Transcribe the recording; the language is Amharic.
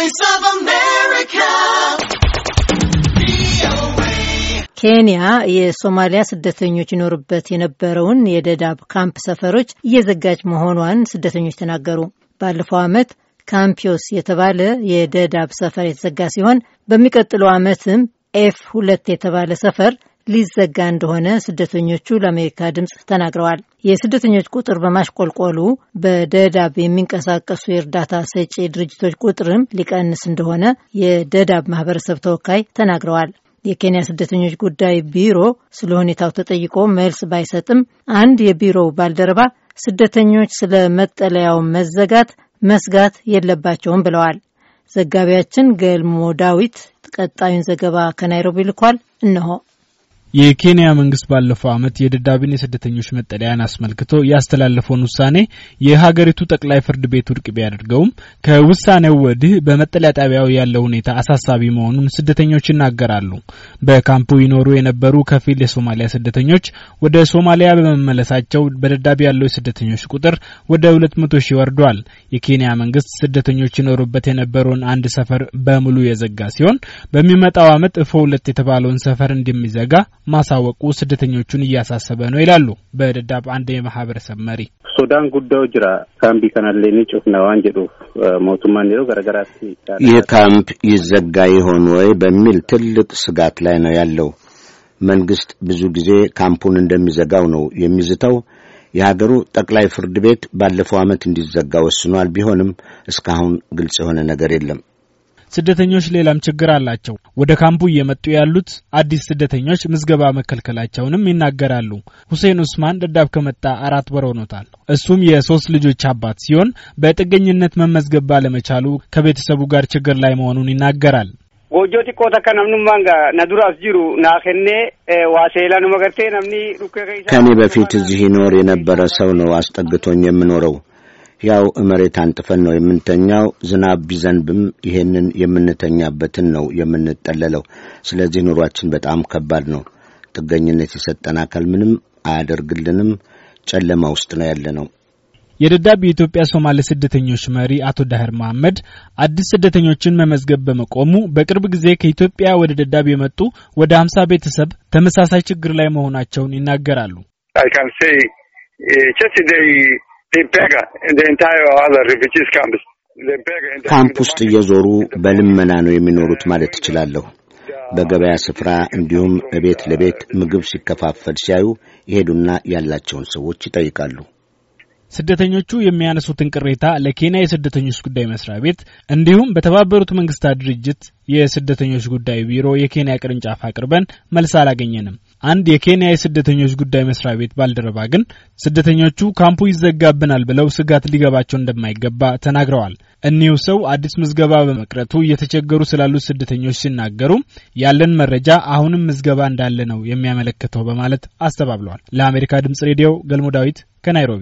Voice of America. ኬንያ የሶማሊያ ስደተኞች ይኖሩበት የነበረውን የደዳብ ካምፕ ሰፈሮች እየዘጋጅ መሆኗን ስደተኞች ተናገሩ። ባለፈው ዓመት ካምፒዮስ የተባለ የደዳብ ሰፈር የተዘጋ ሲሆን በሚቀጥለው ዓመትም ኤፍ ሁለት የተባለ ሰፈር ሊዘጋ እንደሆነ ስደተኞቹ ለአሜሪካ ድምፅ ተናግረዋል። የስደተኞች ቁጥር በማሽቆልቆሉ በደዳብ የሚንቀሳቀሱ የእርዳታ ሰጪ ድርጅቶች ቁጥርም ሊቀንስ እንደሆነ የደዳብ ማህበረሰብ ተወካይ ተናግረዋል። የኬንያ ስደተኞች ጉዳይ ቢሮ ስለ ሁኔታው ተጠይቆ መልስ ባይሰጥም አንድ የቢሮው ባልደረባ ስደተኞች ስለ መጠለያው መዘጋት መስጋት የለባቸውም ብለዋል። ዘጋቢያችን ገልሞ ዳዊት ቀጣዩን ዘገባ ከናይሮቢ ልኳል። እነሆ የኬንያ መንግስት ባለፈው ዓመት የደዳቢን የስደተኞች መጠለያን አስመልክቶ ያስተላለፈውን ውሳኔ የሀገሪቱ ጠቅላይ ፍርድ ቤት ውድቅ ቢያደርገውም ከውሳኔው ወዲህ በመጠለያ ጣቢያው ያለው ሁኔታ አሳሳቢ መሆኑን ስደተኞች ይናገራሉ። በካምፑ ይኖሩ የነበሩ ከፊል የሶማሊያ ስደተኞች ወደ ሶማሊያ በመመለሳቸው በደዳቢ ያለው የስደተኞች ቁጥር ወደ 200 ሺህ ወርዷል። የኬንያ መንግስት ስደተኞች ይኖሩበት የነበረውን አንድ ሰፈር በሙሉ የዘጋ ሲሆን በሚመጣው ዓመት እፎ ሁለት የተባለውን ሰፈር እንደሚዘጋ ማሳወቁ ስደተኞቹን እያሳሰበ ነው ይላሉ። በደዳብ አንድ የማህበረሰብ መሪ ሱዳን ጉዳዩ ጅራ ካምቢ ከናሌ ንጩፍ ነዋን ጀዱ ሞቱማን ገረገራት ይህ ካምፕ ይዘጋ ይሆን ወይ በሚል ትልቅ ስጋት ላይ ነው ያለው። መንግስት ብዙ ጊዜ ካምፑን እንደሚዘጋው ነው የሚዝተው። የሀገሩ ጠቅላይ ፍርድ ቤት ባለፈው ዓመት እንዲዘጋ ወስኗል። ቢሆንም እስካሁን ግልጽ የሆነ ነገር የለም። ስደተኞች ሌላም ችግር አላቸው። ወደ ካምፑ እየመጡ ያሉት አዲስ ስደተኞች ምዝገባ መከልከላቸውንም ይናገራሉ። ሁሴን ኡስማን ደዳብ ከመጣ አራት ወር ሆኖታል። እሱም የሶስት ልጆች አባት ሲሆን በጥገኝነት መመዝገብ ባለመቻሉ ከቤተሰቡ ጋር ችግር ላይ መሆኑን ይናገራል። ጎጆ ነምኑ ማንጋ ዋሴላ ነምኒ ከኔ በፊት እዚህ ይኖር የነበረ ሰው ነው አስጠግቶኝ የምኖረው ያው መሬት አንጥፈን ነው የምንተኛው። ዝናብ ቢዘንብም ይሄንን የምንተኛበትን ነው የምንጠለለው። ስለዚህ ኑሯችን በጣም ከባድ ነው። ጥገኝነት የሰጠን አካል ምንም አያደርግልንም። ጨለማ ውስጥ ነው ያለ ነው። የደዳብ የኢትዮጵያ ሶማሌ ስደተኞች መሪ አቶ ዳህር መሐመድ አዲስ ስደተኞችን መመዝገብ በመቆሙ በቅርብ ጊዜ ከኢትዮጵያ ወደ ደዳብ የመጡ ወደ ሀምሳ ቤተሰብ ተመሳሳይ ችግር ላይ መሆናቸውን ይናገራሉ። Uh, ካምፕ ውስጥ እየዞሩ በልመና ነው የሚኖሩት ማለት እችላለሁ። በገበያ ስፍራ እንዲሁም ቤት ለቤት ምግብ ሲከፋፈል ሲያዩ ይሄዱና ያላቸውን ሰዎች ይጠይቃሉ። ስደተኞቹ የሚያነሱትን ቅሬታ ለኬንያ የስደተኞች ጉዳይ መስሪያ ቤት እንዲሁም በተባበሩት መንግስታት ድርጅት የስደተኞች ጉዳይ ቢሮ የኬንያ ቅርንጫፍ አቅርበን መልስ አላገኘንም። አንድ የኬንያ የስደተኞች ጉዳይ መስሪያ ቤት ባልደረባ ግን ስደተኞቹ ካምፑ ይዘጋብናል ብለው ስጋት ሊገባቸው እንደማይገባ ተናግረዋል። እኒሁ ሰው አዲስ ምዝገባ በመቅረቱ እየተቸገሩ ስላሉት ስደተኞች ሲናገሩ ያለን መረጃ አሁንም ምዝገባ እንዳለ ነው የሚያመለክተው በማለት አስተባብለዋል። ለአሜሪካ ድምጽ ሬዲዮ ገልሞ ዳዊት ከናይሮቢ